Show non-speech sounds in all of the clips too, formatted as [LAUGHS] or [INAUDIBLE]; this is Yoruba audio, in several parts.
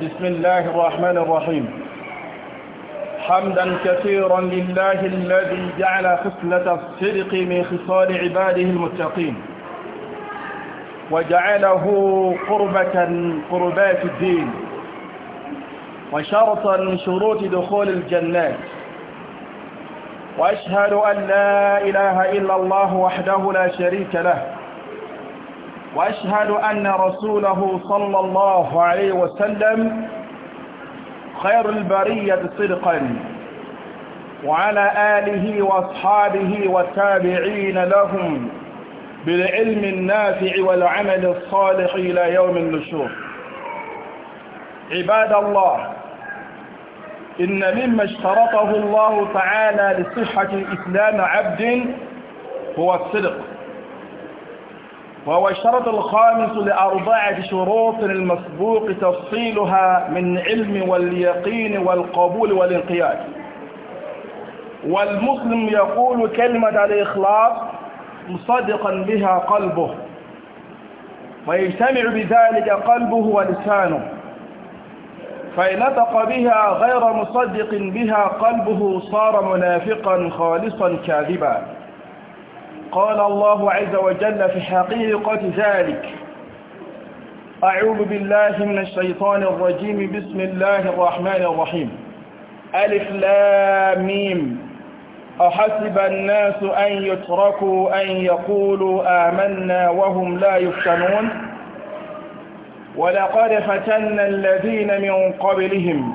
بسم الله الرحمن الرحيم حمدا كثيرا لله الذي جعل خصلة الصدق من خصال عباده المتقين وجعله قربة قربات الدين وشرطا من شروط دخول الجنات وأشهد أن لا إله إلا الله وحده لا شريك له وأشهد أن رسوله صلى الله عليه وسلم خير البرية صدقا وعلى آله وأصحابه والتابعين لهم بالعلم النافع والعمل الصالح إلى يوم النشور عباد الله إن مما اشترطه الله تعالى لصحة الإسلام عبد هو الصدق وهو الشرط الخامس لأربعة شروط المسبوق تفصيلها من علم واليقين والقبول والانقياد والمسلم يقول كلمة الإخلاص مصدقا بها قلبه ويجتمع بذلك قلبه ولسانه فإن نطق بها غير مصدق بها قلبه صار منافقا خالصا كاذبا قال الله عز وجل في حقيقة ذلك أعوذ بالله من الشيطان الرجيم بسم الله الرحمن الرحيم ألف لاميم أحسب الناس أن يتركوا أن يقولوا آمنا وهم لا يفتنون ولقد فتنا الذين من قبلهم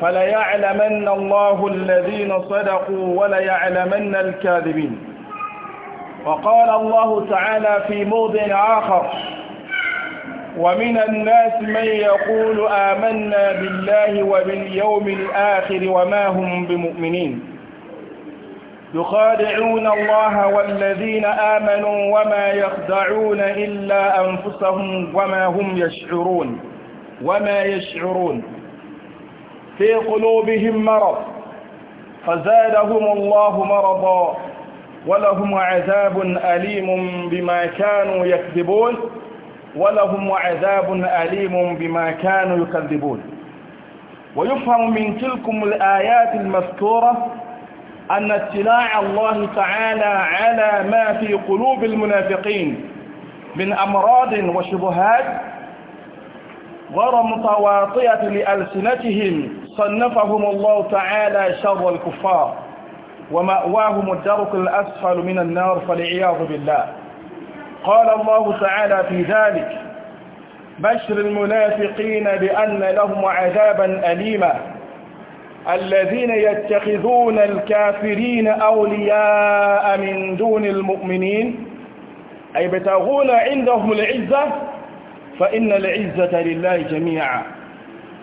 فليعلمن الله الذين صدقوا وليعلمن الكاذبين وقال الله تعالى في موضع آخر ومن الناس من يقول آمنا بالله وباليوم الآخر وما هم بمؤمنين يخادعون الله والذين آمنوا وما يخدعون إلا أنفسهم وما هم يشعرون وما يشعرون في قلوبهم مرض فزادهم الله مرضا ولهم عذاب أليم بما كانوا يكذبون ولهم عذاب أليم بما كانوا يكذبون ويفهم من تلكم الآيات المذكورة أن اطلاع الله تعالى على ما في قلوب المنافقين من أمراض وشبهات غير متواطئة لألسنتهم صنفهم الله تعالى شر الكفار ومأواهم الدرك الأسفل من النار فالعياذ بالله قال الله تعالى في ذلك بشر المنافقين بأن لهم عذابا أليما الذين يتخذون الكافرين أولياء من دون المؤمنين أي بتغول عندهم العزة فإن العزة لله جميعا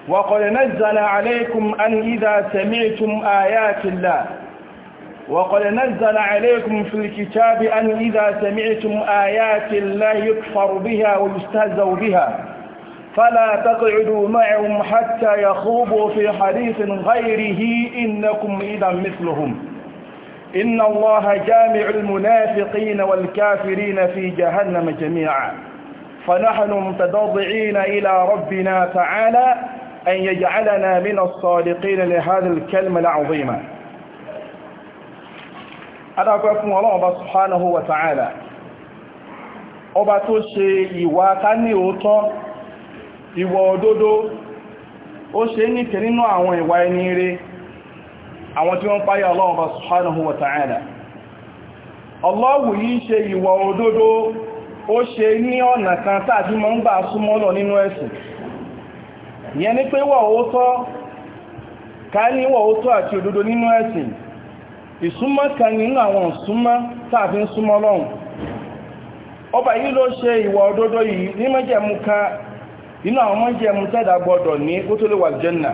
وقد نزل عليكم أن إذا سمعتم آيات الله وقد نزل عليكم في الكتاب أن إذا سمعتم آيات الله يكفر بها ويستهزوا بها فلا تقعدوا معهم حتى يخوضوا في حديث غيره إنكم إذا مثلهم إن الله جامع المنافقين والكافرين في جهنم جميعا فنحن متضرعين إلى ربنا تعالى أن يجعلنا من الصادقين لهذه الكلمة العظيمة adáwọ̀pẹ́ fún ọlọ́run ọba subhanahu wa ta'ala ọba tó ṣe ìwà ká ní òótọ́ ìwà òdodo ó ṣe níkẹ nínú àwọn ìwà ẹni rere àwọn tí wọ́n páyà ọlọ́run ọba wa ta'ala ọlọ́wù yìí ṣe ìwà òdodo ó ṣe ní ọ̀nà kan tàbí mọ́ ń gbà súnmọ́lọ̀ nínú ẹ̀sìn ìyẹn pé ó ìsúnmọ́ kan nínú àwọn ìsúnmọ́ tàbí súnmọ́ lọ́hùn ọba yìí ló ṣe ìwà òdodo yìí ní mẹ́jẹ̀mú kan inú àwọn mẹ́jẹ̀mú tẹ́dà gbọdọ̀ ní kó jẹ́nà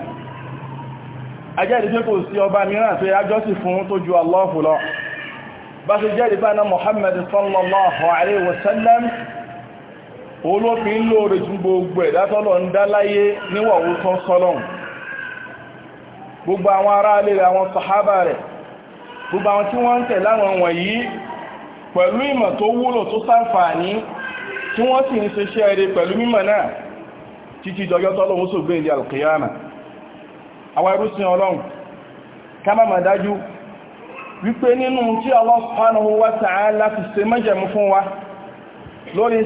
ajẹ́rì pé kò sí ọba mìíràn tó yájọ́ sí fún tó ju Allahu Muhammad sallallahu gbogbo àwọn ará àwọn gbogbo àwọn tí wọ́n ń tẹ̀ láwọn wọ̀nyí pẹ̀lú ìmọ̀ tó wúlò tó ṣàǹfààní tí wọ́n sì ń ṣe iṣẹ́ eré pẹ̀lú mímọ̀ náà títí ìjọjọ́ tọ́lọ́wọ́ sògbé ìdí alkiyama àwọn irúsìn ọlọ́run ká má mà dájú Allah subhanahu wa ta'ala fi ṣe mẹ́jẹ̀mú fún wa lórí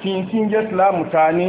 kí n tí ń jẹ́ ìsìláàmù ta ní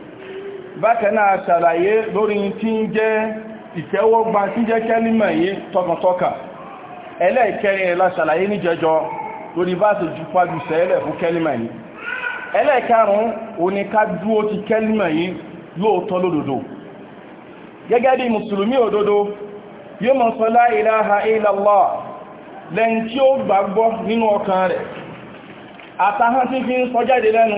bákanáà ṣàlàyé lórí tí ń jẹ́ ìtẹ́wọ́gbà tí jẹ́ kẹ́límọ̀ yìí tọkàntọkà ẹlẹ́ẹ̀kẹrin ẹ̀lá ṣàlàyé ní jẹjọ lórí bá ti jù pàjù sẹ́ẹ̀lẹ̀ fún kẹ́límọ̀ yìí ẹlẹ́ẹ̀karùn òní ká ti kẹ́límọ̀ yìí lóòótọ́ lódodo gẹ́gẹ́ bí mùsùlùmí òdodo la ilaha illallah lẹ́yìn tí ó gbàgbọ́ nínú ọkàn rẹ̀ fi ń sọ jáde lẹ́nu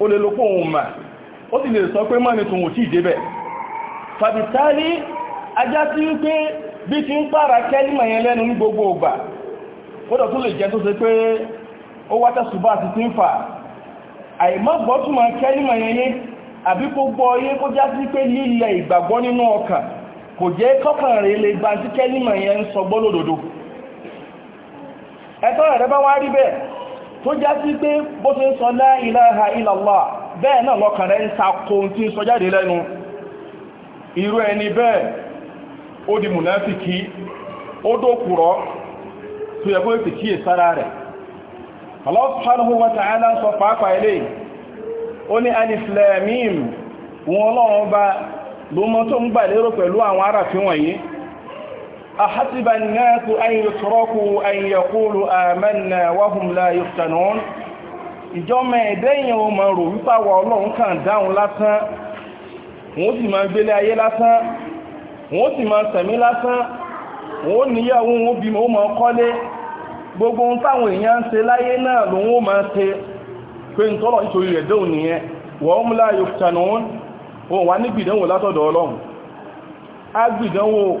ó lè lókó ohun mà ó sì lè sọ pé mọ́ ní tòun ò tí ìdébẹ̀ fàbítálí ajá tí ń pé bí ti ń pààrà kẹ́límà yẹn lẹ́nu ní gbogbo ọgbà kódà tó lè jẹ́ tó ṣe pé ó wátá ṣùgbà àti tí ń fà àìmọ́gbọ́túnmọ̀ kẹ́límà yẹn ní àbí tó já sí pé bó ṣe ń sọ ha ilaha illallah bẹ́ẹ̀ náà lọ́kàn rẹ̀ ń sako tí ń sọ jáde lẹ́nu irú bẹ́ẹ̀ ó di mùnáfìkì ó dókùrọ́ tó yẹ kó ètè kíyè rẹ̀ Allah subhanahu wa ní pẹ̀lú أحسب الناس أن يتركوا أن يقولوا آمنا وهم لا يفتنون ìjọmọ ẹ̀dẹ́yìn o máa rò wípé àwọn ọlọ́run kàn dáhùn lásán wọ́n sì máa gbélé ayé lásán wọ́n sì máa sẹ̀mí lásán wọ́n níyàwó wọn bímọ ó máa kọ́lé gbogbo ohun táwọn èèyàn ń ṣe láyé náà lòun ó máa ṣe pé ń tọ́lọ̀ nítorí rẹ̀ dóhùn wọ́n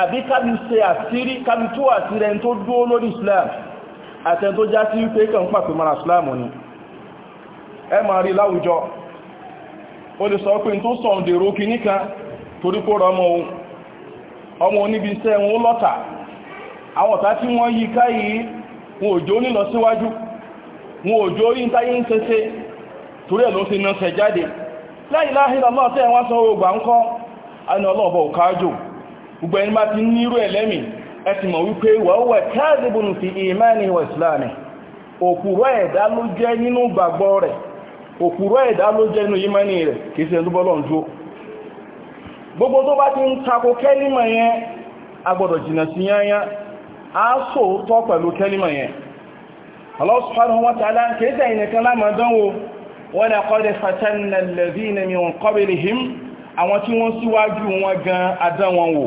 àbí kábi se àṣírí kábi tú àṣírí tó dúó lórí islam àtẹn tó já sí wípé kàn pàtí mara islam ni ẹ ma rí láwùjọ o lè sọ pé tó sọ dèrò kìíní kan torí kó ọmọ ọmọ oníbi iṣẹ́ wọn ó lọ́ta àwọn ọ̀tá tí wọ́n yí káyìí wọn òjò nílọ síwájú wọn òjò orí ń táyé ń torí ẹ̀ ló ti nà jáde wọ́n gbogbo ẹni máa ti nírò ẹlẹ́mì ẹ ti mọ̀ wípé wọ́wọ́ káàdìbùn fi ìmáni wà ìsìláàmì òkúrọ̀ ẹ̀dá ló jẹ́ nínú gbàgbọ́ rẹ̀ òkúrọ̀ ẹ̀dá ló jẹ́ nínú ìmáni rẹ̀ kìí ṣe ẹlúbọ́lọ́n jó gbogbo tó wa ta'ala kìí ṣe ìnìkan lámàdánwò wa laqad fatanna alladhina min qablihim àwọn tí wọ́n síwájú wọn gan adán wọn wò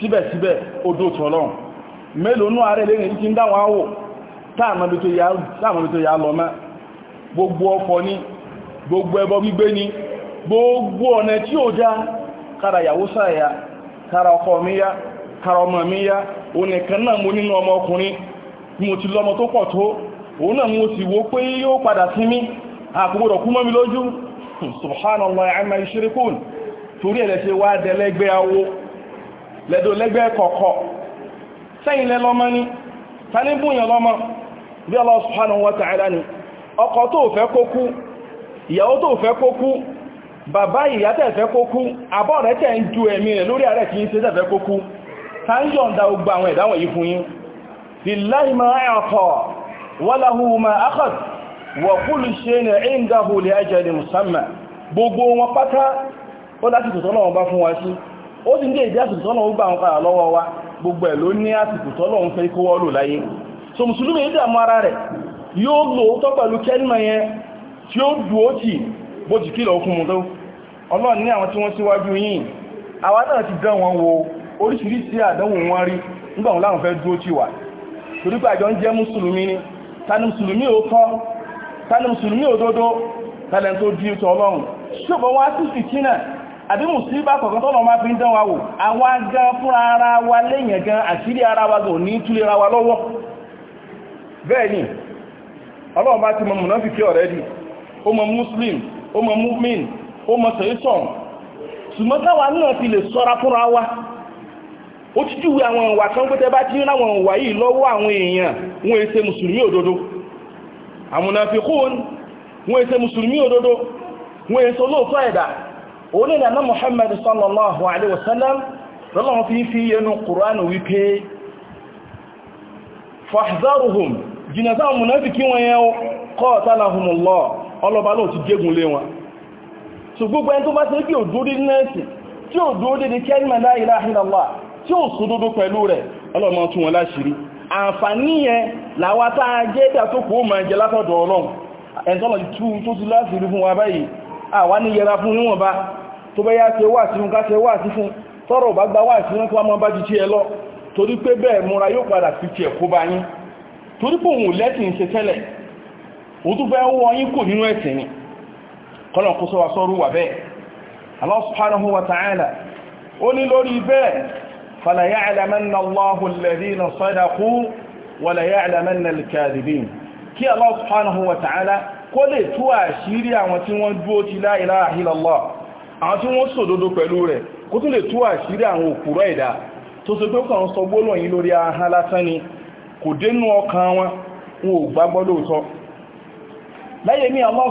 síbẹ̀síbẹ̀ odó tọ́lọ́run mélòó nú ààrẹ lẹ́yìn tí ń dáwọn áwò táàmàbí tó yà lọ mẹ́ gbogbo ọkọ̀ ní gbogbo ẹbọ gbígbé ní gbogbo ọ̀nà tí ó já kára yàwó sáyà kára ọkọ mi kára ọmọ mi subhanallah amma yushrikun torí ẹ̀lẹ́ṣẹ́ wá dẹlẹ́gbẹ́ awo lẹ́dọ̀ lẹ́gbẹ́ kọ̀ọ̀kọ̀ sẹ́yìn lẹ lọ́mọ ní ta ní búyàn lọ́mọ bí Allah subhanahu wa ta'ala ni ọkọ tó fẹ́ kó kú ìyàwó tó fẹ́ kó kú bàbá ìyá tẹ́ ṣe tẹ́fẹ́ kó kú ta ń yọ̀nda gbogbo wọn pátá ó láti tòtọ́ lọ́wọ́ bá fún wa sí ó ti ń gé ìdí àsìkò tọ́lọ̀ ń gbà wọn padà lọ́wọ́ wa gbogbo ẹ̀ ló ní àsìkò tọ́lọ̀ ń fẹ́ kó lò láyé so musulumi yìí dààmú ara rẹ̀ yóò lò ó tọ́ pẹ̀lú kẹ́lìmọ̀ yẹn tí ó dù ó tì bó ti kìlọ̀ okùn mu ọlọ́run ní àwọn tí wọ́n síwájú ti dán wọn wo oríṣiríṣi àdánwò wọn rí nígbà wọn láwọn fẹ́ tì wà torí ni tani musulumi ò tani tani tó di ọlọ́run ṣùgbọ́n fìtínà àbí mùsíbà kọ̀kan tọ́lọ máa fi ń dán wa wò àwa gan fúnra ara wa lẹ́yìn gan àṣírí ara wa gan ní túlera wa lọ́wọ́ bẹ́ẹ̀ ni ọlọ́run bá ti mọ mùnáfíkí already ó mọ muslim ó mọ mu'min ó mọ sẹ́sọ̀n ṣùgbọ́n táwa náà ti lè sọ́ra fúnra wa ó ti júwe àwọn ìwà kan pé tẹ́ bá ti ráwọn ìwà yìí lọ́wọ́ àwọn èèyàn wọn èsè mùsùlùmí òun ní nàná Muhammad sallallahu alaihi wasallam lọ́lọ́wọ́ fi fi yẹnu Kùránù wípé fahzaruhum jìnà sáwọn munafiki wọn yẹn qatalahumullah ọlọ́bá lóò ti gégùn lé wọn so gbogbo ẹni tó bá ṣe kí ò dúró dídí nẹ́ẹ̀sì tí ò dúró dídí kẹ́lìmẹ̀ la ilaha illallah tí ò sódódó pẹ̀lú rẹ̀ ọlọ́mọ tún wọn láṣìírí àǹfààní yẹn làwátá jẹ́ ìdàtókòó máa látọ̀dọ̀ ọlọ́run ẹ̀ntọ́lọ̀ tó ti láṣìírí fún wa báyìí àwa ní yẹra fún níwọ̀nba tó bẹ́ yá ṣe wà sí fún ká ṣe wà sí fún tọ́rọ̀ bá gba wà sí wọn kí wọ́n mọ́ bá ti tiẹ̀ lọ torí pé bẹ́ẹ̀ múra yóò padà fi tiẹ̀ kó bá yín torí pé òun lẹ́sìn ṣe tẹ́lẹ̀ ó tún fẹ́ kí Allah subhanahu wa ta'ala kó lè tú àṣírí àwọn tí wọ́n dúó ti la ilaha illallah àwọn tí wọ́n sòdodo pẹ̀lú rẹ̀ kó tún lè tú àṣírí àwọn òkúrọ̀ ẹ̀dá tó so pé kàn sọ gbólóhùn yìí lórí ahán lásán ni kò dénú ọkàn wọn wọn ò gbàgbọ́ lóòtọ́ láyé ní Allah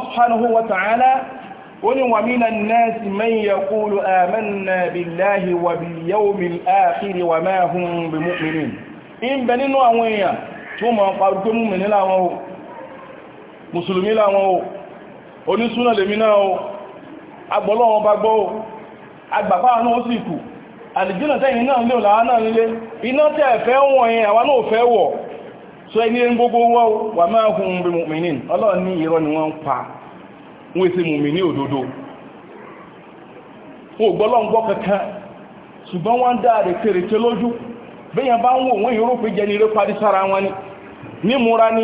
tó mọ̀ pàrùkú mú mìnira wọn mùsùlùmí láwọn o onísúnà lèmi náà o agbọ́lọ́wọ́n bá gbọ́ o agbàpá àánú ó sì kù àlìjínà tẹ́yìn náà ní òlàá náà nílé iná tẹ́ ẹ̀fẹ́ wọ̀n yẹn àwọn náà fẹ́ wọ̀ so ẹni ẹn gbogbo wọ́ wà máa hun bí mùmìnì ọlọ́run ní irọ́ ni wọ́n ń pa wọ́n èsì mùmìnì òdodo wọ́n gbọ́lọ́ngbọ́ kankan ṣùgbọ́n wọ́n dá àrètèrètè lójú bẹ́yàn bá ń wò wọ́n yóò rò pé jẹ́ ni eré parí sára wọn ni mímúra ni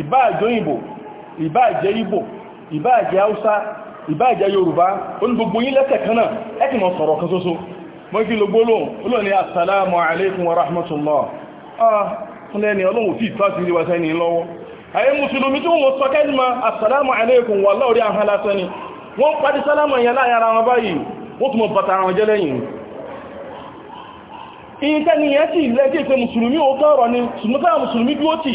ìbáàjẹ́ òyìnbó ìbáàjẹ́ Ìgbò ìbáàjẹ́ Haúsá ìbáàjẹ́ Yorùbá ó ní gbogbo yín lẹ́sẹ̀ kan náà ẹ ti mọ̀ sọ̀rọ̀ kan ṣoṣo mọ́ kí ló gbólóhùn olóòní assalamu alaikum wa rahmatullah ah fúnlẹ́ni ọlọ́run tí ìtọ́ sí ilé wáṣẹ́ ní lọ́wọ́ ayé mùsùlùmí tí wọ́n sọ kẹ́lì ma assalamu alaikum wà lọ́rí àwọn lásán ni wọ́n pàdé sálámà yẹn láyára wọn báyìí wọ́n tún mọ̀ bàtà àwọn jẹ́ lẹ́yìn ìyíkẹ́ ni yẹn sì lẹ́jẹ́ pé mùsùlùmí ó tọ́rọ ni sùmúkà mùsùlùmí bí ó tì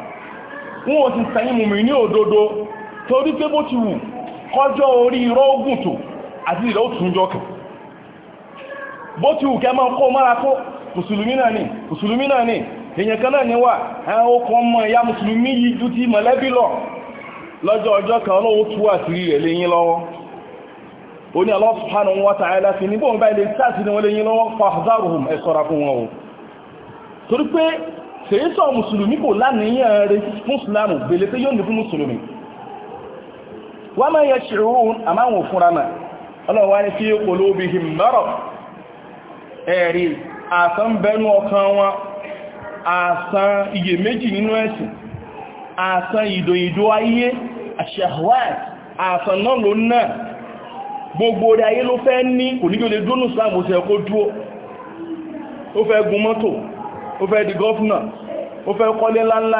wọn ti sì sẹ́yìn mùmí ní òdodo torí pé bó ti wù kọjọ́ orí irọ́ ogun tó àti ìrọ́ òtúnjọ́ kan bó ti wù kẹ́ máa kó kó náà ni mùsùlùmí ni kan náà ni wà ìyá yìí ti mọ̀lẹ́bí lọ lọ́jọ́ ọjọ́ kan rẹ̀ léyìn lọ́wọ́ ó ní wa ta'ala fi wọ́n léyìn kèéṣọ́ musulmi kò lánìyàn rí fún ìsìlámù bèlè tí yóò ní fún musulmi wọ́n máa yẹ ṣìrún àmáwọn òfúnra náà ọlọ́wà ní fi qulubihim marad ẹ̀rí àsán bẹnu ọkàn wọn àsán méjì nínú ẹ̀sìn àsán ìdòyìdó ayé àsán náà ló náà gbogbo orí ayé ló fẹ́ ní ó fẹ́ mọ́tò ó fẹ́ di gọ́fúnà ó fẹ́ kọ́lé ńláńlá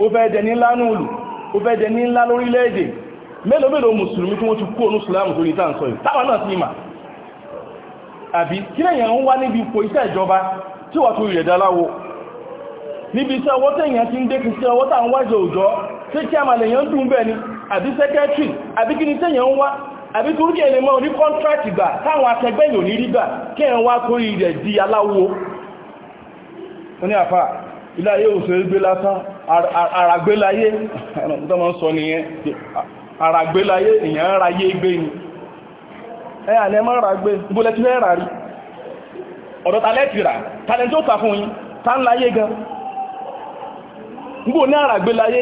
ó fẹ́ jẹ ní ńlá nùlù ó fẹ́ jẹ ní ńlá lórílẹ̀-èdè mélòó mélòó mùsùlùmí tí wọ́n ti kú ònú sùlámù tó ní tàà ń sọ yìí táwọn náà sí mà àbí kí lèyàn ń wá níbi ipò iṣẹ́ ìjọba tí wọ́n tó rẹ̀ dáláwo níbi ni àbí sẹ́kẹ́tìrì àbí kí ni tẹ̀yàn ń wá àbí torí ní kọ́ntrátì gbà táwọn akẹgbẹ́ yòó ní rí gbà kí ẹ̀ ń rẹ̀ di aláwo ó àfáà ilé ayé òṣèré gbé lásán àràgbélayé tó mọ́ sọ nìyẹn àràgbélayé èyàn ráyé gbé ni ẹ̀yà ni ẹ mọ́ gbólẹ̀ tí lẹ́rà rí ọ̀dọ̀ tàlẹ́tì rà tàlẹ́ tó tà fún láyé gan ní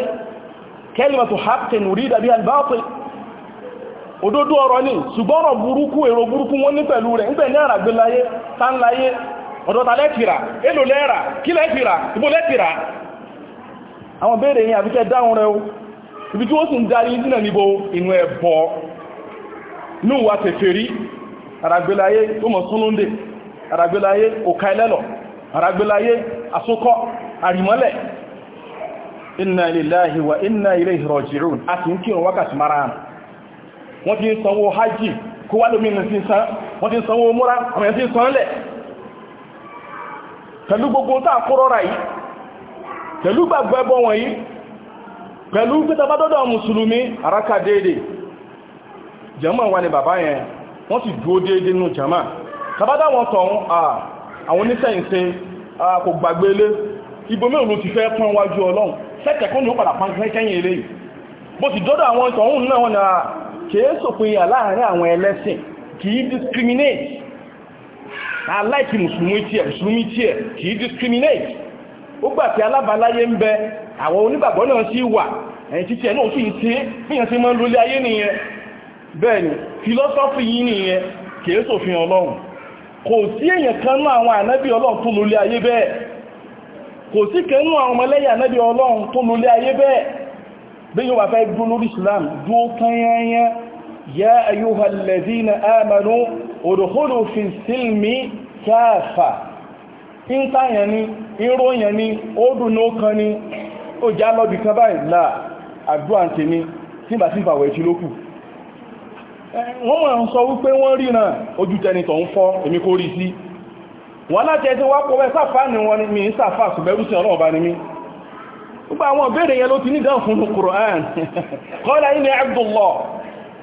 kẹ́lìmọ̀tò rí dàbí ọ̀rọ̀ ni ṣùgbọ́n ọ̀rọ̀ burúkú èrò burúkú ní pẹ̀lú rẹ̀ ń ní láyé ọ̀dọ́ta lẹ́tìrà èlò lẹ́ẹ̀rà kí lẹ́tìrà ibò lẹ́tìrà àwọn yìí àbíkẹ́ dáhùn rẹ̀ ibi tí ó sì ń darí ìdínà níbo inú ẹ̀bọ̀ níwà tẹ̀fẹ̀rí àràgbélayé tó mọ̀ a mara wọ́n ti ń sanwó hajji kó wá lómi ní sí wọ́n ti ń sanwó múra àwọn pẹ̀lú gbogbo tá àkórọ́ra yìí pẹ̀lú gbàgbọ́ ẹbọ wọ̀nyí pẹ̀lú pẹ́tàbádọ́dọ̀ mùsùlùmí àrákà déédé jàmá wa ni bàbá yẹn wọ́n ti dúó déédé nù jàmá tàbádá wọn tọ̀hún àwọn oníṣẹ́yìnṣẹ́ kò gbàgbé ilé ibòmí òun ti fẹ́ pọ́n wájú ọlọ́run sẹ́kẹ̀kún ni ó padà pọ́n kẹ́yìn ilé yìí bó ti dọ́dọ̀ àwọn tọ̀hún aláìkí mùsùlùmí tiẹ̀ mùsùlùmí tiẹ̀ kì í discriminate ó gbà pé alábàáláyé ń bẹ àwọn onígbàgbọ́ náà sì wà ẹ̀yìn títí ẹ̀ náà sì ń tí fíyàn sí mọ́ lólé ayé nìyẹn bẹ́ẹ̀ ni philosophy yìí nìyẹn kìí sòfin ọlọ́run kò kan Islam يا أيها الذين آمنوا ادخلوا في السلم كافة إن يعني إيرو يعني أودو نوكاني ó já lọ́bì kan báyìí láà àdúrà ń tèmi tí bá sí ìfàwẹ̀ tí ló kù wọ́n mọ̀ ń sọ wípé wọ́n ríran ojú tẹnitọ̀ ń fọ́ èmi kò rí sí wọ́n láti ẹ̀ tí wá pọ̀ sáfà ní wọn mi sáfà ṣùgbẹ́rú sí ọlọ́ọ̀bá ni mí gbogbo àwọn ìbéèrè yẹn ló ti ní dáhùn fún Qur'an [LAUGHS]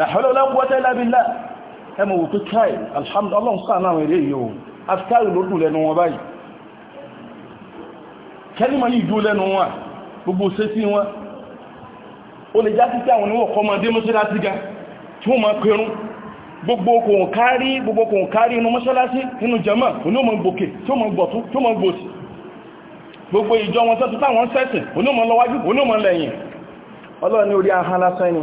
làhọ́lọ́lá wọ́tẹ́ lábílá ẹmọ wò tó káì alhamdulillah ọlọ́run sáà náà rẹ̀ yóò afkari ló dùn lẹ́nu wọn báyìí kẹ́lìmọ̀ yìí dùn lẹ́nu wọn gbogbo ṣe sí wọn ó lè jásí sí àwọn oníwọ̀kọ́ ma dé mọ́ṣáláṣí ga tí wọ́n ma pẹ̀rún gbogbo kòhùn kárí gbogbo kòhùn kárí inú mọ́ṣáláṣí inú jama oníwọ̀mọ̀ gbòkè tí ó ma gbọ̀tún tí ó ma gbòsì gbogbo ìjọ wọn sẹ́tù táwọn sẹ́sìn oníwọ̀mọ̀ lọ́wájú oníwọ̀mọ̀ lẹ́yìn ọlọ́run ní orí ahán lásán ni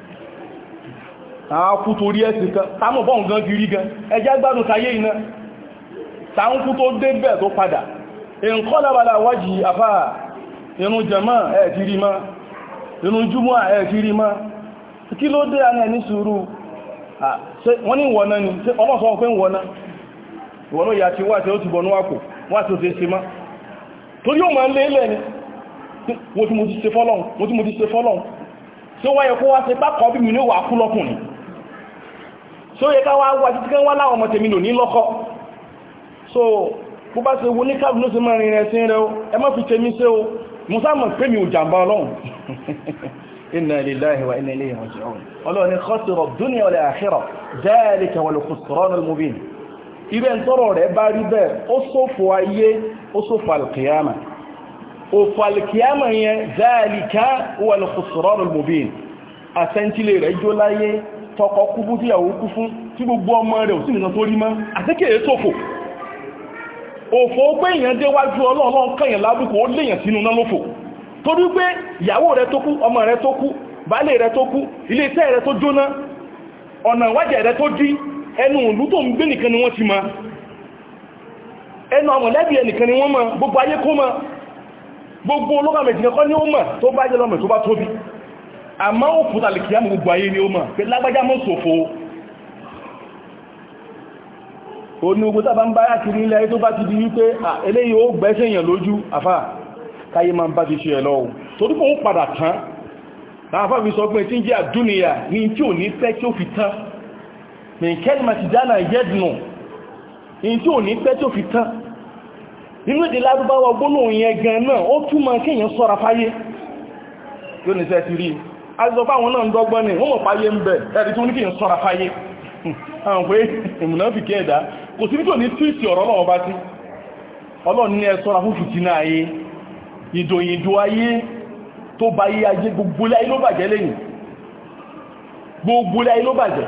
àwọn kú torí ẹ̀sìn kan bọ́n gan gírí gan ẹjá gbádùn káyé iná táwọn kú tó débẹ̀ tó padà nǹkan lábàlá wájì àfà irun jẹmọ́ ẹ̀kiri mọ́ irun júmọ́ ẹ̀kiri mọ́ kí ló dé ara ẹni sùúrù wọ́n ní wọ̀ná ni ọmọ sọ pé wọ̀ná ìwọ̀ná ìyà ti ni tí ó yẹ ká wá wá títí kan wá láwọn ọmọ lò ní lọ́kọ́ so bó bá ṣe wo ní káàbùnú sí mọ́ rìnrìn ẹ̀sìn rẹ̀ ẹ má fi tèmi ṣe o musamman pé mi ò jàmbá ọlọ́run [LAUGHS] inna lillahi wa inna ilayhi raji'un ọlọ́run ni khasira dunya wal akhirah dhalika wal khusran al rẹ̀ bá rí bẹ́ẹ̀ ó ṣòfò ayé ó ṣòfò alkiyama òfò alkiyama yẹn dhalika wal khusran al mubin àsẹ́ntílé rẹ̀ jó láyé tọkọ kú fún tíyàwó kú fún tí gbogbo ọmọ rẹ̀ ò sí nìkan tó rí mọ́ àtíkèé sòfò òfò pé èèyàn déwájú ọlọ́ọ̀lọ́ kẹyàn lábùkù ó léèyàn sínú náà lófò torí pé ìyàwó rẹ̀ tó kú ọmọ rẹ̀ tó kú baálé rẹ̀ tó kú ilé iṣẹ́ rẹ̀ tó jóná ọ̀nà ìwájẹ̀ rẹ̀ tó dí ẹnu ìlú tó ń gbé nìkan ni wọ́n ti ma ẹnu ọmọlẹ́bí ẹnìkan ni wọ́n mọ̀ gbogbo ayé kó mọ̀ gbogbo olókàmẹ̀jìnkan kọ́ ni ó mọ̀ tó bá jẹ́ lọ́mọ̀ tó bá tóbi àmọ́ ó fún tàlìkì àmì gbogbo ayé ni ó mọ̀ pé lágbájá mọ́ sòfò ó ní ogun tàbá ń bá yá kiri ilẹ̀ tó bá ti di wípé eléyìí ó gbẹ́sẹ̀ èèyàn lójú àfà káyé máa ń bá ti ṣe ẹ̀ lọ́wọ́ torí kò ó padà tán láàfà fi sọ pé tí ń jẹ́ àdúnìyà ní tí ò ní pẹ́ tí ó fi tán mìkẹ́lì ni ti dáná yẹ́dùnù ní tí ò ní pẹ́ tí ó fi tán nínú èdè lárúbáwá gbólóhùn yẹn gan náà ó túmọ̀ kéèyàn sọ́ra fáyé yóò ní sẹ́ ti rí i azọ́pá àwọn náà ń dọ́gbọ́n ni wọ́n mọ̀ fáyé ń bẹ̀ ẹ̀rí tó ní kí n sọ́ra fáyé àwọn pé ìmùnà fi kí ẹ̀dá kò sí nítò ní tíìsì ọ̀rọ̀ ọlọ́wọ́ bá sí ọlọ́run ní ẹ sọ́ra fún fìtínà ayé ìdòyìndò ayé tó bá yé ayé gbogbo láyé ló bàjẹ́ lẹ́yìn gbogbo láyé ló bàjẹ́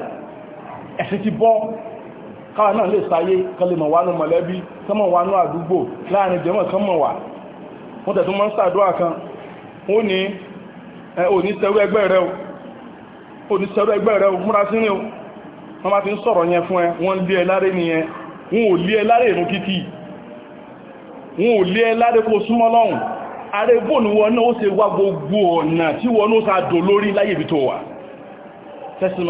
ẹ̀sìn ti bọ́ káwa náà lè sáyé kọlẹ̀mọ̀ wà ní mọ̀lẹ́bí kọmọ̀ wà ní àdúgbò láàrin jẹ́mọ̀ kọmọ̀ wà wọ́n tẹ̀tún mọ́ ń sàdúrà kan ó ní oníṣẹ́rú ẹgbẹ́ rẹ o oníṣẹ́rú ẹgbẹ́ o múra sí ní o wọ́n bá ti ń sọ̀rọ̀ yẹn fún ẹ wọ́n lé ẹ láré nìyẹn wọn ò lé ẹ láré ìrún kíkì wọn ò lé ẹ láré kó súnmọ́ lọ́hùn ààrẹ bóòlù wọn náà ó ṣe wá gbogbo ọ̀nà tí wọn ó sá dò lórí láyé ibi tó wà tẹ́sìn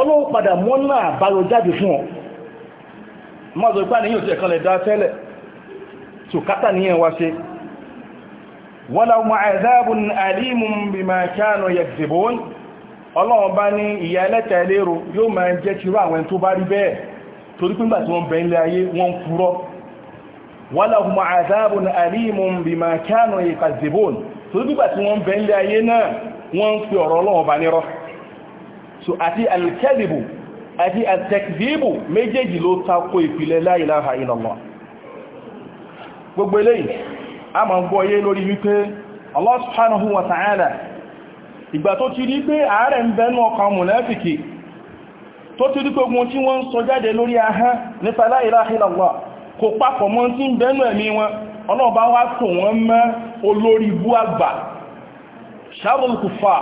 ọlọ́wọ́ padà mọ́nà àbáyọ jáde fún ọ mọ́sọ̀ ipá ní yóò tí ẹ̀kan lè dá tẹ́lẹ̀ tó kátà ní ẹwà ṣe wọ́la ọmọ àìzáàbùn àlímùn bí máa kíánà yẹ̀dìbòn ọlọ́wọ́n bá ní ìyà ẹlẹ́ta ẹlẹ́rọ yóò máa jẹ́ kíró àwọn tó bá rí bẹ́ẹ̀ torí pín gbàtí wọ́n wọ́n kúrọ́ ayé wọ́n ń so àti alkẹ́dìbò àti àtẹ̀kìdìbò méjèèjì ló tako ìpìlẹ̀ la ilaha illallah gbogbo eléyìí a ma ń gbọ́yé lórí wípé Allah subhanahu wa ta'ala ìgbà tó ti rí pé ààrẹ ń bẹnu ọkàn mùnáfìkì ti lori aha laila pa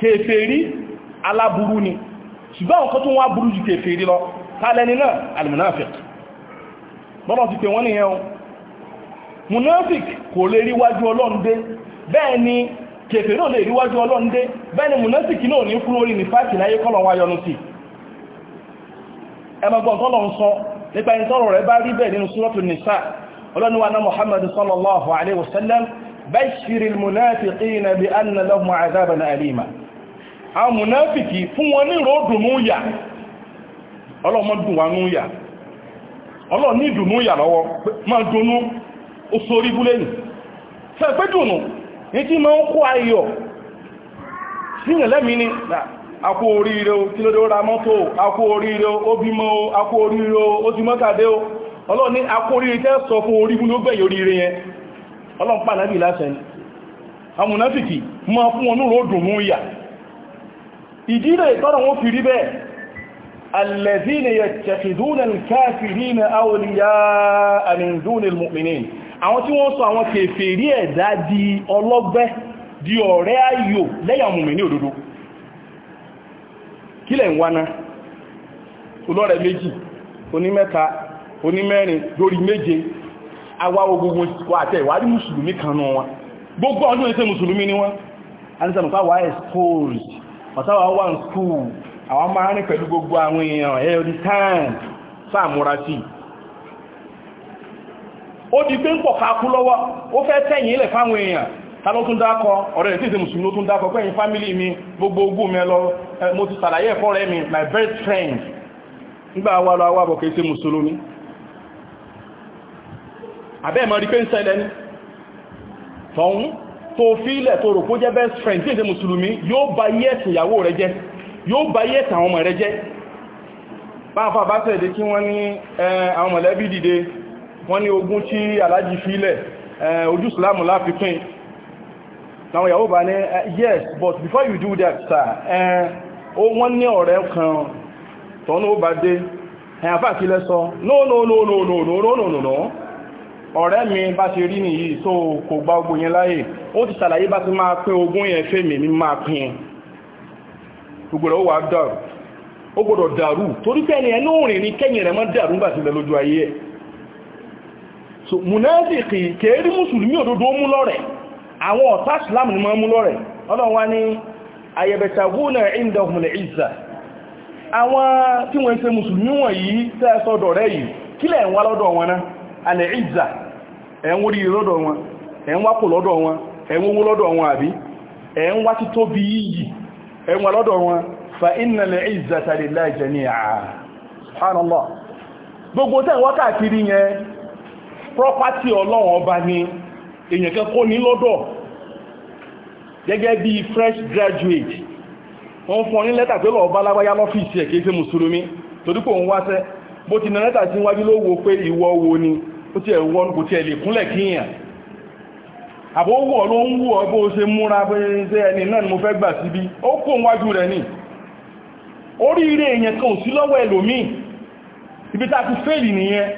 kèfèrí aláburú ni ṣùgbọ́n ọkọ̀ tó wá burú ju kèfèrí lọ tààlẹ́ni náà alìmùnáfik bọ́lọ̀ ti pè wọ́n nìyẹn o munafik kò lè ríwájú ọlọ́run dé bẹ́ẹ̀ ni kèfèrí ò lè ríwájú ọlọ́run dé bẹ́ẹ̀ ni munafik náà ní kúrò orí ní fàtí láyé kọ́lọ̀ بشر المنافقين بأن لهم عذابا ń àwọn fún wọn ní ìròdùnú yà ọlọ́mọdùnwánú yà ọlọ́ní ìdùnú yà lọ́wọ́ máa dùnú ó sórí búlẹ́nì fẹ́ pé dùnú ní tí máa ń kó ayọ̀ síyànlẹ́mí ni akó oríire o kí ló dé ra mọ́tò o ó o oríire o ó ti o ọlọ́ni akó oríire tẹ́ sọ fún gbẹ̀yẹ̀ oríire yẹn ni fún wọn ìdílé ìtọ́rọ̀ wọn fi rí bẹ́ẹ̀ alladhina yattakhiduna al-kafirina awliya'a min duni al-mu'minin àwọn tí wọ́n sọ àwọn kèfèrí ẹ̀dá di ọlọ́gbẹ́ di ọ̀rẹ́ ayò lẹ́yìn mùmìnì òdodo kílẹ̀ ń wáná olọ́rẹ̀ méjì onímẹ́ta onímẹ́rin lórí méje awáwo gbogbo àtẹ ìwárí mùsùlùmí pàtàwà wà ń skúù àwọn máa rìn pẹ̀lú gbogbo àwọn èèyàn every time sáàmúra sí ó di pé ń pọ̀ kakú lọ́wọ́ ó fẹ́ tẹ̀yìn ilẹ̀ fáwọn èèyàn ta ló ọ̀rẹ́ my best friend nígbà wà lọ wà bọ̀ kìí ṣe mùsùlùmí tó fílẹ̀ tó rò kó jẹ́ best friend tí èdè mùsùlùmí yóò bà yẹ́ ìyàwó rẹ jẹ́ yóò bà yẹ́ àwọn ọmọ rẹ jẹ́ báfà bá tẹ̀lé kí wọ́n ní àwọn mọ̀lẹ́bí dìde wọ́n ní ogún tí alájì fílẹ̀ ojú sùlámù láfikún yes but before you do that sir wọ́n ní ọ̀rẹ́ kan tọ́nú ó bá dé ẹ̀yàn fà no no no no no no no no no ọ̀rẹ́ mi bá ti rí nìyí tó kò gba ogun yẹn láyè ó ti ṣàlàyé bá ti máa pín ogún yẹn fèmí ní máa pín gbogbo wà dàrú ó gbọ́dọ̀ dàrú torí pé ẹni ẹni òrìn ní kẹ́yìn rẹ̀ mọ́ dàrú nígbà tí ń ayé ẹ̀ so munafiki kèérí mùsùlùmí òdodo mú lọ́rẹ̀ àwọn ọ̀tá islam ni máa mú lọ́rẹ̀ ọlọ́run wá ní ayẹ̀bẹ̀tàgúnà ìndọ̀hùnlẹ̀ ìzà àwọn tí wọ́n ń ṣe mùsùlùmí wọ̀nyí tẹ́ẹ̀sọ́dọ̀ rẹ̀ yìí kílẹ̀ ń wọn náà alẹ̀ ìzà ẹ̀ ń lọdọ nwa, wọn ẹ̀ ń wápò lọ́dọ̀ wọn ẹ̀ ń wówó lọ́dọ̀ wọn àbí ẹ̀ ń wá títóbi yìí ẹ̀ ń wá lọ́dọ̀ wọn fa innal izzata lillahi gbogbo tẹ́ wá káàkiri nye prọpati ọlọrọ ọba ni èèyàn kan kó bi fresh graduate musulumi ti na si wájú ló wo pé ìwọ ó tí ẹ̀ wọ́n kò tí ẹ̀ lè kúnlẹ̀ kíyàn àbówọ̀ ló ń wọ́ bó ṣe múra pé ẹni náà ni mo fẹ́ gbà síbí ó kó wájú rẹ̀ ní oríire èèyàn kan ò sí lọ́wọ́ ẹlòmíì ibi tá ti fèèlì nìyẹn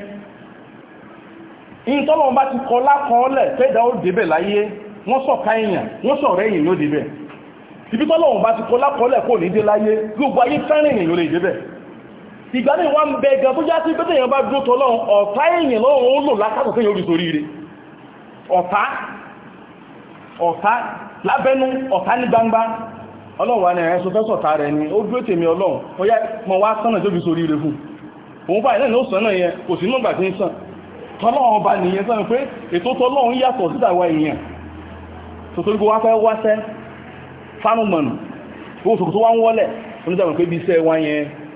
in tọ́lọ̀ bá ti kọ lákọọ́lẹ̀ fẹ́dà ó débẹ̀ láyé wọ́n sọ ká èèyàn wọ́n sọ rẹ́yìn ìgbà ní wọ́n ń bẹ gan bó já sí pé tèèyàn bá dúró tọ́lọ́run ọ̀tá èèyàn lọ́rùn ó lò látàtọ̀ tèèyàn orí sórí rẹ̀ ọ̀tá ọ̀tá lábẹ́nú ọ̀tá ní gbangba ọlọ́run ní ẹ̀rẹ́ sọ ni ó dúró tèmi ọlọ́run ó yá mọ wá sánà tó fi sórí rẹ̀ fún òun báyìí náà ló sánà yẹn kò sí mọ́gbà tí ń sàn tọ́lọ́run bá nìyẹn sánà pé ètò tọ́lọ́run yàtọ̀ síta wa èèyàn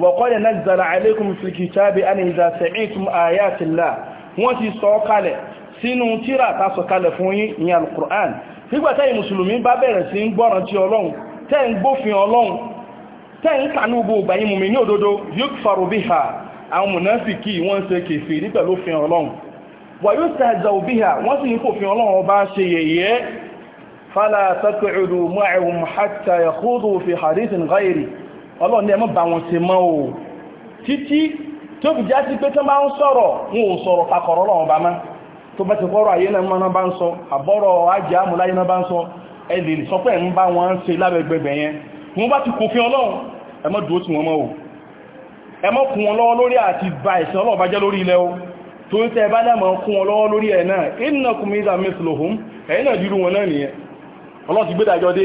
وقال نزل عليكم في الكتاب أن إذا سمعتم آيات الله wọ́n ti sọ kalẹ̀ sínú tírà tá sọ kalẹ̀ fún yín ní al-Qur'an nígbàtá yìí mùsùlùmí bá bẹ̀rẹ̀ sí ń gbọ́ràn tí ọlọ́run tẹ́ ń gbófin ọlọ́run tẹ́ ń kànú gbogbo àyí mùmí ní òdodo yukfaru biha àwọn mùnáfìkì wọ́n ń ṣe kèfèrí pẹ̀lú fala taq'udu ma'ahum hatta yakhudu fi hadithin ghayri ọlọ́run ní ẹ má bá wọn ṣe mọ́ o títí tí ó fi já sí pé tó bá ń sọ̀rọ̀ wọn ò sọ̀rọ̀ pakọ̀rọ̀ ọlọ́run bá má tó bá ti kọ́rọ̀ ayé náà bá ń sọ àbọ̀rọ̀ ajé amúláyé náà bá ń sọ ẹ lè sọ pé ń bá wọn ṣe lábẹ́gbẹ̀gbẹ̀ yẹn wọn bá ti kòfin ọlọ́run ẹ má dúró tì wọ́n mọ́ o ẹ má kún wọn lọ́wọ́ lórí àti ba ìsìn ọlọ́run bá jẹ́ lórí ilẹ̀ o tó ń tẹ́ bá dámọ̀ kún wọn lọ́wọ́ lórí ẹ̀ náà innakum idha mithluhum ẹ̀yìn náà dúró wọn náà nìyẹn ọlọ́run ti gbé dájọ́ dé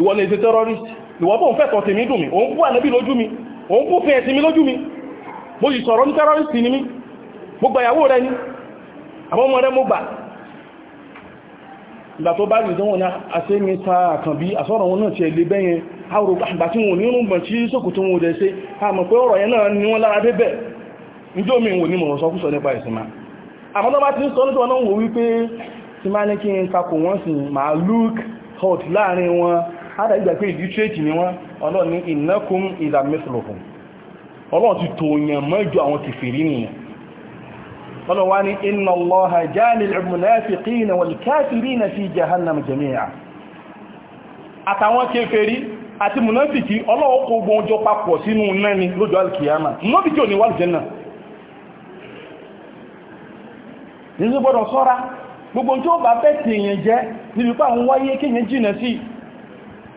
ìwọ lè ṣe terrorist ìwọ tó ń fẹ́ tọ̀sí mi dùn mi òun bú ànábì lójú mi òun bú fẹ́ ẹ̀sìn mi lójú mi mo sì sọ̀rọ̀ ní terrorist ni mi mo gba ìyàwó rẹ ni àwọn ọmọ rẹ mo gbà ìgbà tó bá rí ìdánwò ní asémi ta àkànbí àsọ̀rọ̀ wọn náà ti ẹ̀lẹ́ bẹ́yẹn àrò àgbà tí wọn ò ní rúgbọ̀n tí sókòtò wọn ò dẹ̀ ṣe àmọ̀ pé ọ̀rọ̀ yẹn náà ni wọ́n lára débẹ̀ níjọ́ mi wò ní mọ̀rọ̀ sọkúsọ nípa ìsinmi àmọ́ tó bá ti ń sọ nítorí wọn wò wípé tí máa ní kí n takò wọ́n hádà ìgbà pé ìlítírètì ni wọ́n ọlọ́run ní ìnákún ìlà mẹ́sùlùkùn ọlọ́run ti tò yàn mọ́jọ àwọn kèfèrí nìyàn ọlọ́run wá ní inna Allaha jami'ul munafiqina wal kafirina fi jahannam jami'a àtàwọn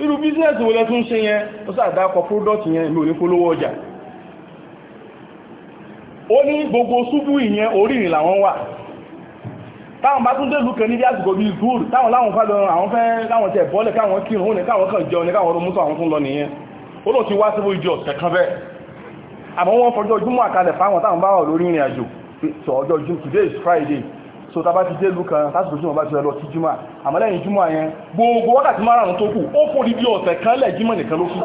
irú bísínẹ̀sì wo lẹ tún ṣe yẹn ó sàdákọ̀ pródọ́tì yẹn lórí polówó ọjà ó ní gbogbo ṣubú ìyẹn orírìn làwọn wà táwọn bá tún délùú kan níbi àsìkò bíi gúúrù táwọn láwọn fà lọ àwọn fẹ́ láwọn tẹ̀ bọ́lẹ̀ káwọn kírun ó ní káwọn kàn jẹun ní káwọn ọdún mọ́tò àwọn tún lọ nìyẹn ó lò ti wá síbò ìjọ ọ̀sẹ̀ kan bẹ́ẹ̀ àmọ́ wọ́n fọjọ́ júmọ́ àkalẹ̀ fáwọn táwọn bá wà lórí ìrìn àjò ọjọ́ jù today is Friday so tá bá ti dé ìlú kan lásìkò jùmọ̀ bá ti lọ sí jùmọ̀ àmọ́ lẹ́yìn jùmọ̀ yẹn gbogbo wákàtí márùn-ún tó kù ó fò dídí ọ̀sẹ̀ kan lẹ̀ jùmọ̀ nìkan ló kù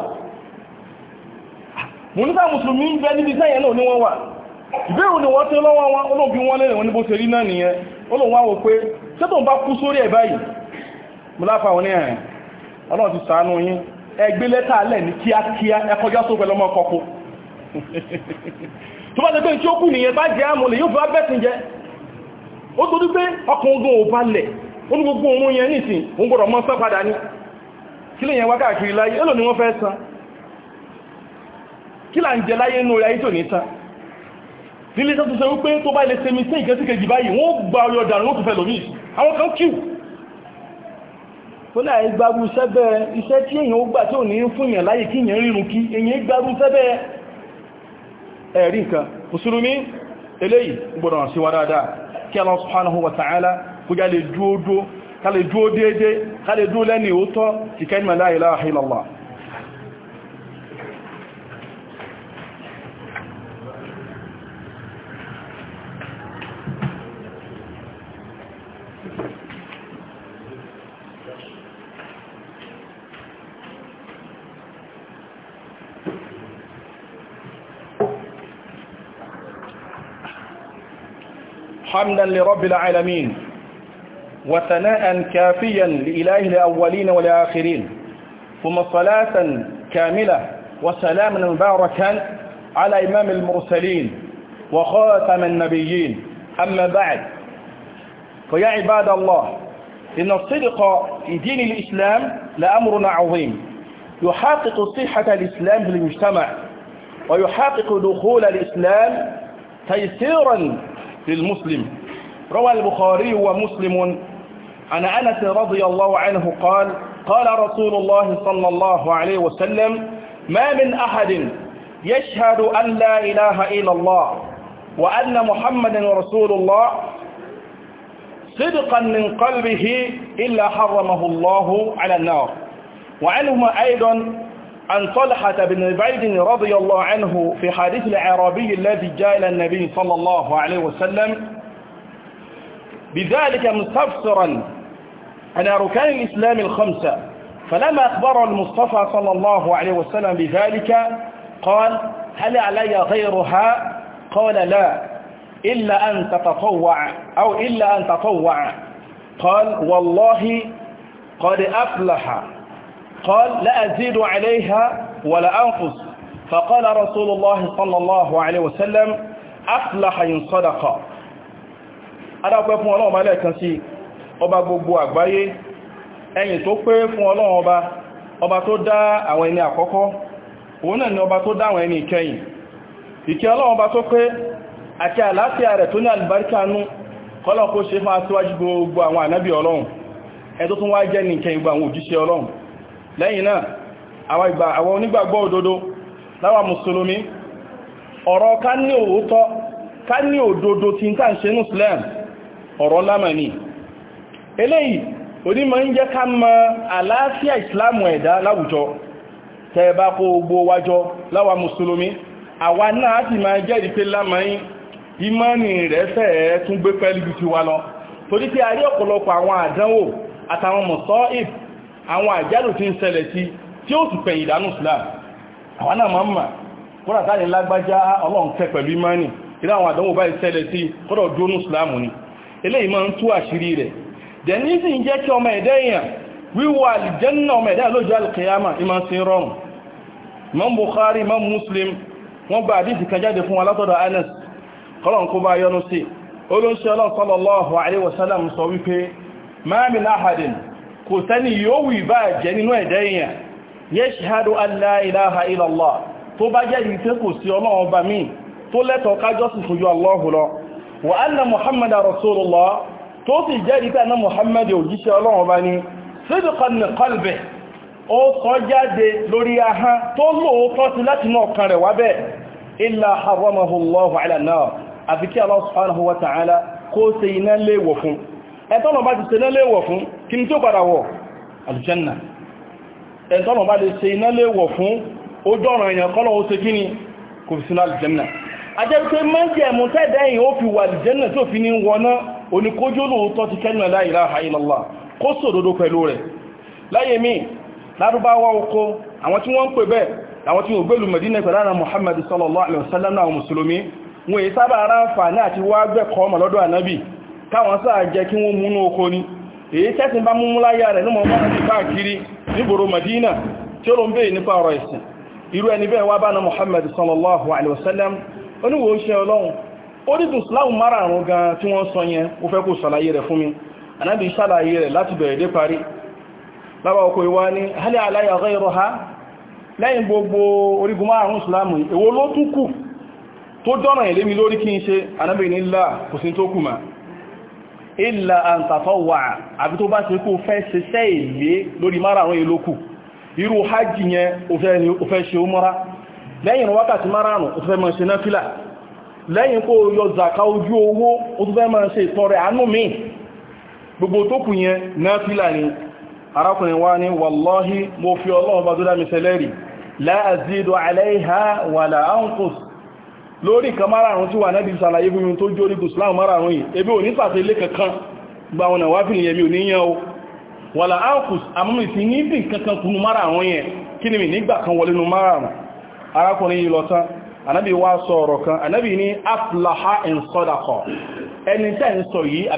mo ní sáà mùsùlùmí ń bẹ níbi sẹ́yìn náà ní wọ́n wà ìbéèrò ni wọ́n tẹ́ lọ́wọ́ wọn olóògbé wọn lẹ́rìn wọn ní bó ṣe rí náà nìyẹn olóòwò àwọn pé ṣé tó ń bá kú sórí ẹ̀ báyìí mo láfa àwọn onírin ọlọ́run ti sàánú yín ẹgbẹ́ lẹ́tà alẹ́ ní kíákíá ẹkọjá tó pẹ̀lú ọmọ ọkọ̀ kó [LAUGHS] tó bá ṣe pé tí ó kù nìyẹn bá jẹ́ àmọ́ lè yóò fi wá bẹ́sìn jẹ́ ó torí pé ọkàn ogun ò balẹ̀ ó ní gbogbo ohun yẹn nìsìn òun gbọ́dọ̀ mọ́ sá padà ní kí lè yẹn wá káàkiri láyé èlò ni wọ́n fẹ́ san kí là ń jẹ láyé inú ayé tó ní san nílé tó sọ wípé tó bá ilé sẹmi sí ìkẹsí kejì báyìí wọ́n gba ọyọ̀ dànù ló kùfẹ́ eléyìí gbọ́dọ̀ sí wa dáadáa kí Allah subhanahu wa ta'ala kó já lè dúó déédé ká lè dúó lẹ́ni òótọ́ ti kẹ́ni la ilaha حمدا لرب العالمين وثناء كافيا لإله الأولين والآخرين ثم صلاة كاملة وسلاما مباركا على إمام المرسلين وخاتم النبيين أما بعد فيا عباد الله إن الصدق في دين الإسلام لأمر عظيم يحقق صحة الإسلام في المجتمع ويحقق دخول الإسلام تيسيرا للمسلم روى البخاري ومسلم عن أنس رضي الله عنه قال قال رسول الله صلى الله عليه وسلم ما من أحد يشهد أن لا إله إلا الله وأن محمد رسول الله صدقا من قلبه إلا حرمه الله على النار وعنهما أيضا عن طلحة بن عبيد رضي الله عنه في حديث العربي الذي جاء إلى النبي صلى الله عليه وسلم بذلك مستفسرا عن أركان الإسلام الخمسة فلما أخبر المصطفى صلى الله عليه وسلم بذلك قال هل علي غيرها قال لا إلا أن تتطوع أو إلا أن تطوع قال والله قد أفلح قال لا أزيد عليها ولا أنقص فقال رسول الله صلى الله عليه وسلم أفلح إن صدق أنا أقول فún Ọlọ́run ba lẹ́ẹ̀kan sí ọba gbogbo àgbáyé ẹ̀yìn tó pé fún Ọlọ́run أويني ọba tó dá àwọn ẹni àkọ́kọ́ òun náà ni ọba tó dá àwọn ẹni ìkẹyìn ìkẹ́ Ọlọ́run ọba tó pé àti àlàáfíà rẹ̀ tó ní àlùbáríkà nú kọ́lọ̀ ṣe fún aṣíwájú gbogbo àwọn ànábì Ọlọ́run ẹ tó tún wá jẹ́ ní ìkẹyìn gbogbo àwọn òjíṣẹ́ Ọlọ́run lẹ́yìn náà àwọn onígbàgbọ́ òdodo láwa mùsùlùmí ọ̀rọ̀ ká ní òótọ́ ká ní òdodo tí ń tàn ṣe ní islam ọ̀rọ̀ lámà ní eléyìí onímọ̀ ń jẹ́ ká mọ àlàáfíà ìsìláàmù ẹ̀dá láwùjọ tẹ́ẹ̀bá kó gbogbo wájọ láwa mùsùlùmí àwa náà ti máa jẹ́rìí pé lámà yí ìmánì rẹ̀ fẹ́ẹ̀ tún gbé pẹ́lú ti wa lọ àwọn àjálù tí ń ṣẹlẹ̀ sí tí ó sì pẹ̀yìn ìdánù islam àwọn náà máa ń mà kódà táyìn lágbájá ọlọ́run tẹ pẹ̀lú imani ilé àwọn àdánwò báyìí ṣẹlẹ̀ sí kódà dúnú islam ni eléyìí máa ń tú àṣírí rẹ̀ dẹ̀nísì ń jẹ́ kí ọmọ ẹ̀dẹ́ èèyàn wíwọ àlìjẹ́nà ọmọ ẹ̀dẹ́ lójú alìkìyàmà ìmọ̀ sí rọrùn Imam Bukhari Imam Muslim wọ́n gba àdíjì kan jáde fún alátọ́dọ̀ Anas kọlọ̀n kó bá yọnu sí olóńṣẹ́ ọlọ́sọ́lọ́lọ́hù àríwọ̀sálàmù sọ wípé ma min ahadin kò sẹ́ni yóò wù ìbá jẹ́ nínú ẹ̀dẹ́ èèyàn yashhadu an la ilaha illallah tó bá jẹ́ yìí tí kò sí ọlọ́run bá mí tó lẹ́tọ̀ọ́ kájọ́sìn fún ju Allahu lọ àfi kí Allah subhanahu wa ta'ala kó ṣe iná léèwọ̀ fún ẹ̀tọ́nà bá ti ṣe iná léèwọ̀ fún kí ni tó padà wọ̀ aljanna ẹ̀tọ́nà bá lè ṣe iná lè wọ̀ fún ojú ọ̀rọ̀ èèyàn kọ́lọ̀ ó ṣe kí ni kò fi sínú aljanna a jẹ́ pé mẹ́jẹ̀mú tẹ́dẹ̀yìn ó fi wà aljanna tó fi ní wọná oníkójú lóòótọ́ ti la ilaha illallah kó sòdodo pẹ̀lú rẹ̀ láyé mi lárúbáwá oko àwọn tí wọ́n ń pè bẹ́ẹ̀ àwọn tí wọ́n sallallahu alaihi wasallam náà mùsùlùmí wọ́n èyí sábà ara ń fà ní àti wá gbẹ̀kọ́ ọmọ lọ́dọ̀ ànábì káwọn sáà jẹ́ kí wọ́n múnú oko ni èyí tẹ́sìn bá múmú láyá rẹ̀ nímọ̀ mọ́ra ní káàkiri nígboro Madina tí ó ló ń bèèrè nípa ọ̀rọ̀ ẹ̀sìn irú ẹni bẹ́ẹ̀ wá bá na Muhammad sallallahu alaihi wasallam oníwò oṣẹ́ ọlọ́run orígun Islam márààrún gan tí wọ́n sọ yẹn mi anábì ṣàlàyé rẹ̀ láti bẹ̀rẹ̀ dé parí lábà hali aláyà ghayruha lẹ́yìn gbogbo orígun márààrún Islam èwo ló tún kù tó dọ́nà ìlémi lórí kí n ìlà àǹtàtọ́wà àbí tó bá ti kó fẹ́ ṣiṣẹ́ ìlé lórí márààrún ìlókù irú hajj yẹn o fẹ́ ṣe umra lẹ́yìn wákàtí márààrún o fẹ́ máa ṣe náfílà lẹ́yìn kó yọ zaka ojú owó o tó fẹ́ máa ṣe ìtọrẹ àánú mi gbogbo tó kù yẹn náfílà ni lórí nǹkan márààrún tí wà nẹ́bí sàlàyé fún mi tó jó rí islam márààrún yìí ebi ò ní pàtẹ ilé kankan gba ọ̀nà wáfí ni èmi ò ní yán o wà là áàkùs àmúmi ti ní bí kankan kunu márààrún yẹn kí ni mi nígbà kan wọlé nu márààrún arákùnrin yìí lọ tán anábì wá sọ ọ̀rọ̀ kan anábì ní aflaha in sadaqa ẹni tẹ́ ń sọ yìí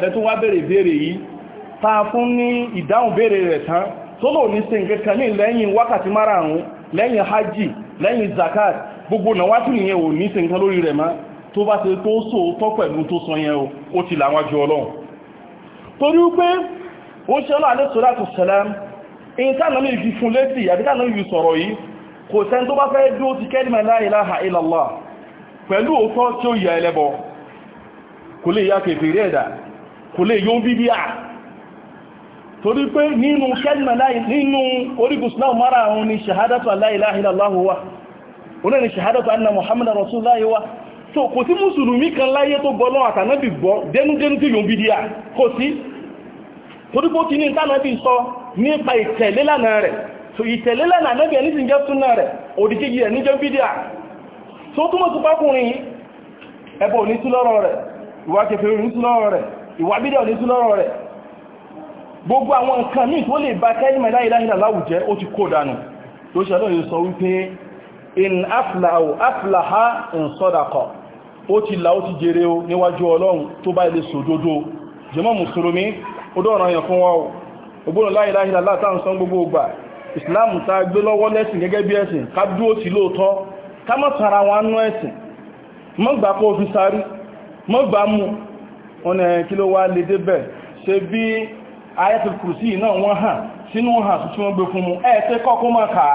lẹ́yìn wákàtí lẹ́yìn zakat gbogbo nàwátìlì yẹn ò ní sìnkan lórí rẹ̀ má tó bá ti tó sóòótọ́ pẹ̀lú tó sọ yẹn o ó ti làwájú ọlọ́run torí pé ó ṣe ọlọ́ alẹ́ sọ́lá tó sẹ́lẹ̀m ìtànà lè fi fún létí àbíkànà yìí sọ̀rọ̀ yìí kò sẹ́n tó bá fẹ́ dó ti kẹ́lìmà la ilaha illallah pẹ̀lú òótọ́ tí ó yà ẹlẹ́bọ kò lè yá kèfèrè ẹ̀dà kò lè yóò bíbí à torí pé nínú kẹ́lìmà nínú orígùsùn náà mara àwọn ni ṣàhádàtù la ilaha illallah oní ẹni ṣàhádọ́tọ̀ anna Muhammad rasulullah wa so kò sí musulumi kan láyé tó gbọ́ àtànábì gbọ́ dẹnudẹnu tí yóò bídíà kò sí torí kó ní so ìtẹ̀lélànà anábì ẹni sì ń jẹ́ súnà rẹ̀ òdìkejì rẹ̀ níjẹ́ so túnmọ̀ sí na ẹbọ ní túlọ́rọ̀ rẹ̀ ìwà kẹfẹ́ ní túlọ́rọ̀ rẹ̀ ìwà bídíà tó ba kẹ́yìn in afla au aflaha in sadaqa ó ti là ó ti jèrè o níwájú ọlọ́run tó bá ilé sòdodo jẹmọ́ mùsùlùmí ó dọ̀ràn yàn fún wa o ògbónà la ilaha illallah tá ń san gbogbo ìgbà ìsìláàmù tá gbé lọ́wọ́ lẹ́sìn gẹ́gẹ́ bí ẹ̀sìn ká dúró sí lóòótọ́ ká mọ́ tara wọn nú ẹ̀sìn mọ́ gbà kó fi sáré mọ́ gbà mú wọn ẹ̀ kí ló wá lè débẹ̀ ayatul kursi náà wọ́n hàn sínú hàn tuntun wọn gbé fún mu ẹ̀ẹ́sẹ́ kọ́kọ́ máa kàá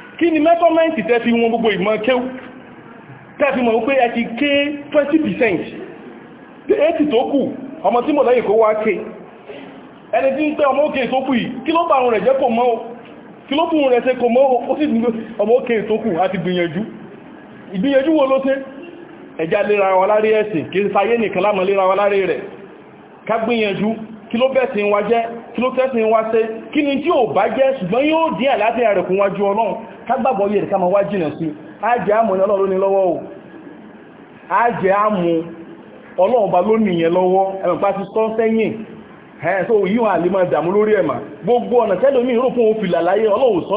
kí ni mẹ́tọ́mẹ́ntì tẹ́ fi wọn gbogbo ìmọ̀ kéwú tẹ́ fi mọ̀ wípé ẹ ti ké 20% tí 80 tó kù ọmọ tí mọ̀ lẹ́yìn kó wá ké ẹni tí ń pẹ́ ọmọ òkè tó kù yìí kí ló bá àwọn rẹ̀ jẹ́ kò mọ́ kí ló fún rẹ̀ ṣe kò mọ́ ó sì dúró ọmọ òkè tó kù àti gbìyànjú ìgbìyànjú wo ló ṣe ẹjá lera wa lárí ẹ̀sìn kí kágbàgbọ́ yẹ̀ ká ma wá jìnà sí ajẹ́ àmù ní ọlọ́run ní lọ́wọ́ o ajẹ́ àmù ọlọ́ọ̀bá ló nìyẹn lọ́wọ́ ẹ̀mọ̀pá ti sọ sẹ́yìn ẹ̀ tó yíwọ̀n àlè máa dàmú lórí ẹ̀mà gbogbo ọ̀nà tẹ́lómi rò fún òfìlà láyé ọlọ́run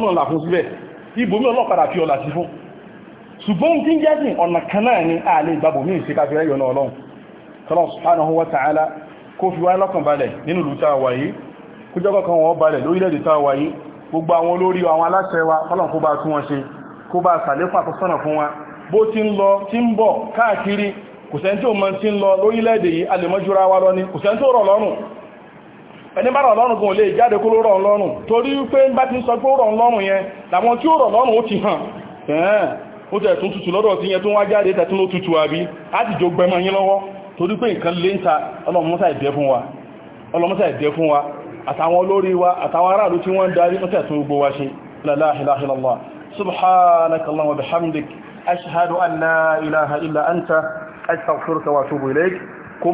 ni a lè gbàbò ní ìṣe káfí rẹ̀ yọ̀nà ọlọ́run tọ́lọ̀ wa ta'ala kó fi wáyé lọ́kàn balẹ̀ nínú ìlú táwà yìí kan wọ́n balẹ̀ lórílẹ̀-èdè táwà yìí gbogbo àwọn olórí àwọn aláṣẹ wa kọ́lọ̀ kó bá tún wọn ṣe kó bá sàlékún àtọ́sọ́nà fún wa bó ti ń lọ tí ń bọ̀ káàkiri kò sẹ́ni tí ó mọ́ tí ń lọ lórílẹ̀-èdè yìí a lè mọ́júra wa lọ ní kò sẹ́ni tó rọ̀ lọ́rùn ẹni bá rọ̀ lọ́rùn gan lè jáde kó ló rọ̀ lọ́rùn torí pé bá ti àtàwọn olórí wa àtàwọn aráàlú tí wọ́n ń darí mọ́tẹ̀ tún gbogbo wa ṣe la ilaha illallah subhanakallah wa bihamdik